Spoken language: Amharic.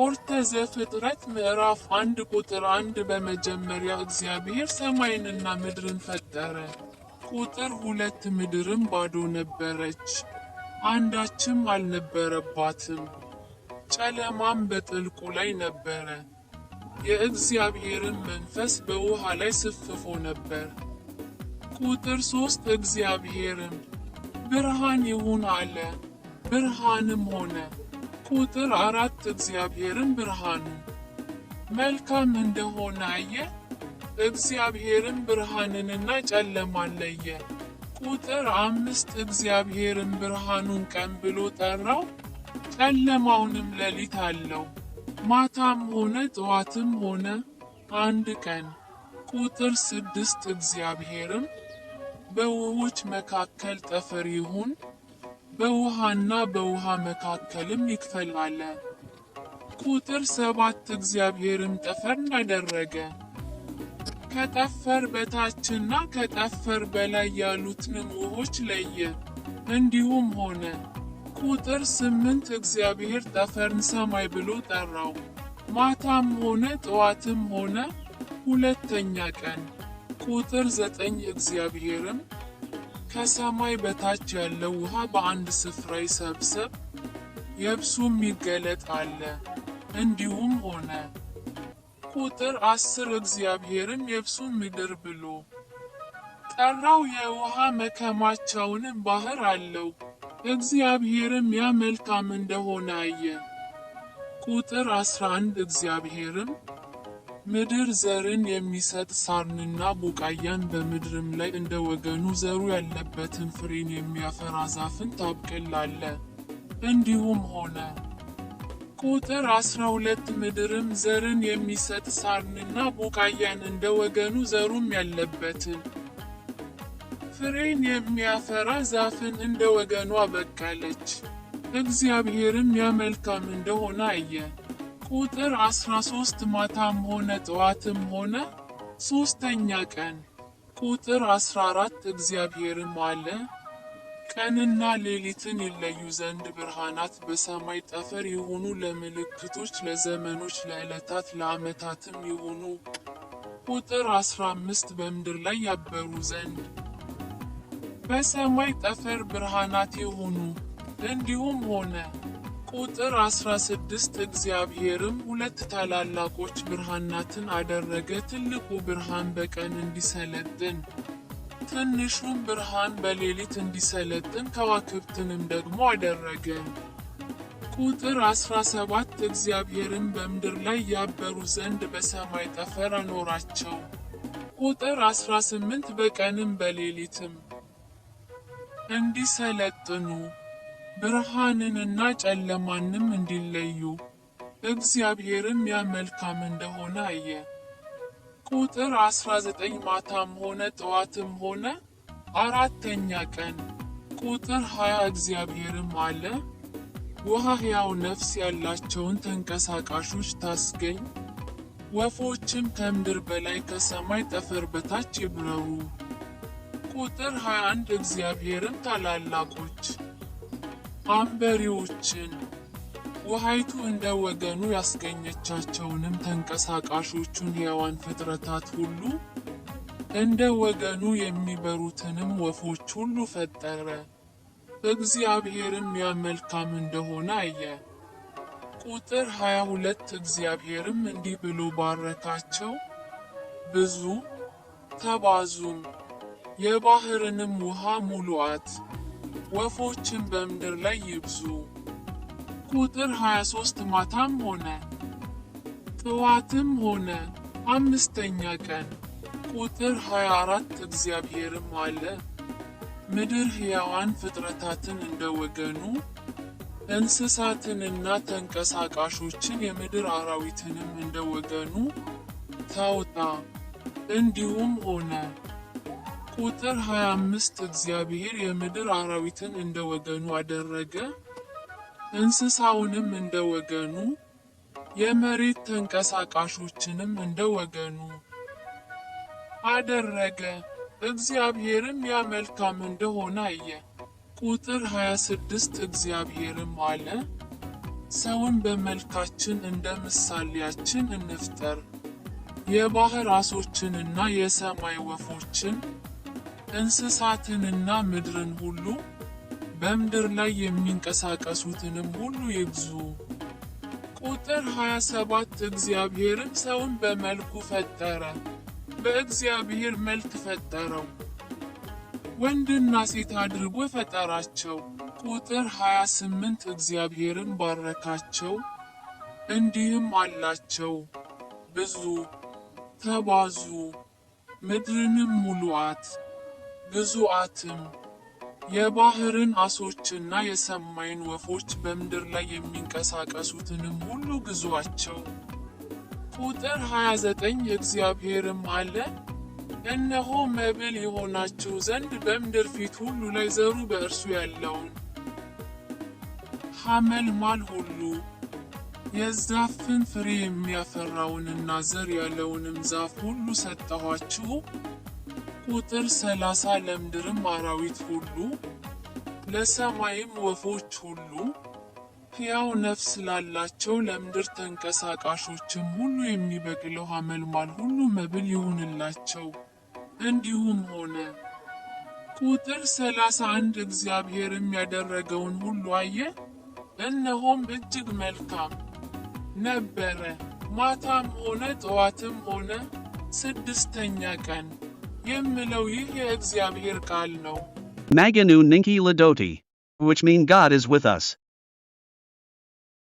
ኦሪት ዘፍጥረት ምዕራፍ አንድ ቁጥር አንድ በመጀመሪያ እግዚአብሔር ሰማይንና ምድርን ፈጠረ። ቁጥር ሁለት ምድርም ባዶ ነበረች፣ አንዳችም አልነበረባትም። ጨለማም በጥልቁ ላይ ነበረ፣ የእግዚአብሔርን መንፈስ በውሃ ላይ ስፍፎ ነበር። ቁጥር ሶስት እግዚአብሔርም ብርሃን ይሁን አለ፣ ብርሃንም ሆነ። ቁጥር አራት እግዚአብሔርም ብርሃኑ መልካም እንደሆነ አየ። እግዚአብሔርም ብርሃንንና ጨለማን ለየ። ቁጥር አምስት እግዚአብሔርም ብርሃኑን ቀን ብሎ ጠራው፣ ጨለማውንም ሌሊት አለው። ማታም ሆነ ጠዋትም ሆነ አንድ ቀን። ቁጥር ስድስት እግዚአብሔርም በውኆች መካከል ጠፈር ይሁን በውሃና በውሃ መካከልም ይክፈል አለ። ቁጥር ሰባት እግዚአብሔርም ጠፈርን እንዳደረገ ከጠፈር በታችና ከጠፈር በላይ ያሉትንም ውሆች ለየ። እንዲሁም ሆነ። ቁጥር ስምንት እግዚአብሔር ጠፈርን ሰማይ ብሎ ጠራው። ማታም ሆነ ጠዋትም ሆነ ሁለተኛ ቀን። ቁጥር ዘጠኝ እግዚአብሔርም ከሰማይ በታች ያለው ውሃ በአንድ ስፍራ ይሰብሰብ፣ የብሱም ይገለጥ አለ። እንዲሁም ሆነ። ቁጥር አስር እግዚአብሔርም የብሱን ምድር ብሎ ጠራው፣ የውሃ መከማቻውንም ባህር አለው። እግዚአብሔርም ያ መልካም እንደሆነ አየ። ቁጥር 11 እግዚአብሔርም ምድር ዘርን የሚሰጥ ሳርንና ቡቃያን በምድርም ላይ እንደ ወገኑ ዘሩ ያለበትን ፍሬን የሚያፈራ ዛፍን ታብቅላለ። እንዲሁም ሆነ። ቁጥር 12 ምድርም ዘርን የሚሰጥ ሳርንና ቡቃያን እንደ ወገኑ ዘሩም ያለበትን ፍሬን የሚያፈራ ዛፍን እንደ ወገኑ አበቀለች። እግዚአብሔርም ያ መልካም እንደሆነ አየ። ቁጥር 13 ማታም ሆነ ጠዋትም ሆነ ሶስተኛ ቀን። ቁጥር 14 እግዚአብሔርም አለ፣ ቀንና ሌሊትን ይለዩ ዘንድ ብርሃናት በሰማይ ጠፈር ይሁኑ ለምልክቶች፣ ለዘመኖች፣ ለዕለታት፣ ለዓመታትም ይሁኑ። ቁጥር 15 በምድር ላይ ያበሩ ዘንድ በሰማይ ጠፈር ብርሃናት ይሁኑ። እንዲሁም ሆነ። ቁጥር 16 እግዚአብሔርም ሁለት ታላላቆች ብርሃናትን አደረገ፣ ትልቁ ብርሃን በቀን እንዲሰለጥን፣ ትንሹም ብርሃን በሌሊት እንዲሰለጥን፣ ከዋክብትንም ደግሞ አደረገ። ቁጥር 17 እግዚአብሔርም በምድር ላይ ያበሩ ዘንድ በሰማይ ጠፈር አኖራቸው። ቁጥር 18 በቀንም በሌሊትም እንዲሰለጥኑ ብርሃንንና ጨለማንም እንዲለዩ እግዚአብሔርም ያ መልካም እንደሆነ አየ። ቁጥር 19 ማታም ሆነ ጠዋትም ሆነ አራተኛ ቀን። ቁጥር 20 እግዚአብሔርም አለ ውሃ ሕያው ነፍስ ያላቸውን ተንቀሳቃሾች ታስገኝ፣ ወፎችም ከምድር በላይ ከሰማይ ጠፈር በታች ይብረሩ። ቁጥር 21 እግዚአብሔርም ታላላቆች አንበሪዎችን ውሃይቱ እንደ ወገኑ ያስገኘቻቸውንም ተንቀሳቃሾቹን ሕያዋን ፍጥረታት ሁሉ እንደ ወገኑ የሚበሩትንም ወፎች ሁሉ ፈጠረ። እግዚአብሔርም ያ መልካም እንደሆነ አየ። ቁጥር 22 እግዚአብሔርም እንዲህ ብሎ ባረካቸው፣ ብዙ ተባዙም፣ የባህርንም ውሃ ሙሉአት። ወፎችን በምድር ላይ ይብዙ። ቁጥር 23 ማታም ሆነ ጥዋትም ሆነ አምስተኛ ቀን። ቁጥር 24 እግዚአብሔርም አለ፣ ምድር ሕያዋን ፍጥረታትን እንደ ወገኑ እንስሳትንና ተንቀሳቃሾችን የምድር አራዊትንም እንደ ወገኑ ታውጣ። እንዲሁም ሆነ። ቁጥር 25 እግዚአብሔር የምድር አራዊትን እንደ ወገኑ አደረገ፣ እንስሳውንም እንደ ወገኑ፣ የመሬት ተንቀሳቃሾችንም እንደ ወገኑ አደረገ። እግዚአብሔርም ያ መልካም እንደሆነ አየ። ቁጥር 26 እግዚአብሔርም አለ፣ ሰውን በመልካችን እንደ ምሳሌያችን እንፍጠር፣ የባህር ዓሦችንና የሰማይ ወፎችን እንስሳትንና ምድርን ሁሉ በምድር ላይ የሚንቀሳቀሱትንም ሁሉ ይግዙ። ቁጥር 27 እግዚአብሔርም ሰውን በመልኩ ፈጠረ፣ በእግዚአብሔር መልክ ፈጠረው፣ ወንድና ሴት አድርጎ ፈጠራቸው። ቁጥር 28 እግዚአብሔርን ባረካቸው፣ እንዲህም አላቸው፣ ብዙ ተባዙ፣ ምድርንም ሙሉአት። ብፁዓትም የባህርን አሶችና የሰማይን ወፎች በምድር ላይ የሚንቀሳቀሱትንም ሁሉ ግዙአቸው። ቁጥር 29 እግዚአብሔርም አለ፣ እነሆ መብል የሆናችሁ ዘንድ በምድር ፊት ሁሉ ላይ ዘሩ በእርሱ ያለውን ሐመልማል ሁሉ የዛፍን ፍሬ የሚያፈራውንና ዘር ያለውንም ዛፍ ሁሉ ሰጠኋችሁ። ቁጥር ሰላሳ ለምድርም አራዊት ሁሉ ለሰማይም ወፎች ሁሉ ሕያው ነፍስ ላላቸው ለምድር ተንቀሳቃሾችም ሁሉ የሚበቅለው ሐመልማል ሁሉ መብል ይሁንላቸው። እንዲሁም ሆነ። ቁጥር ሰላሳ አንድ እግዚአብሔርም ያደረገውን ሁሉ አየ፣ እነሆም እጅግ መልካም ነበረ። ማታም ሆነ ጠዋትም ሆነ ስድስተኛ ቀን። የምለው ይህ የእግዚአብሔር ቃል ነው። ማገኑ ንንኪ ለዶቲ which mean God is with us.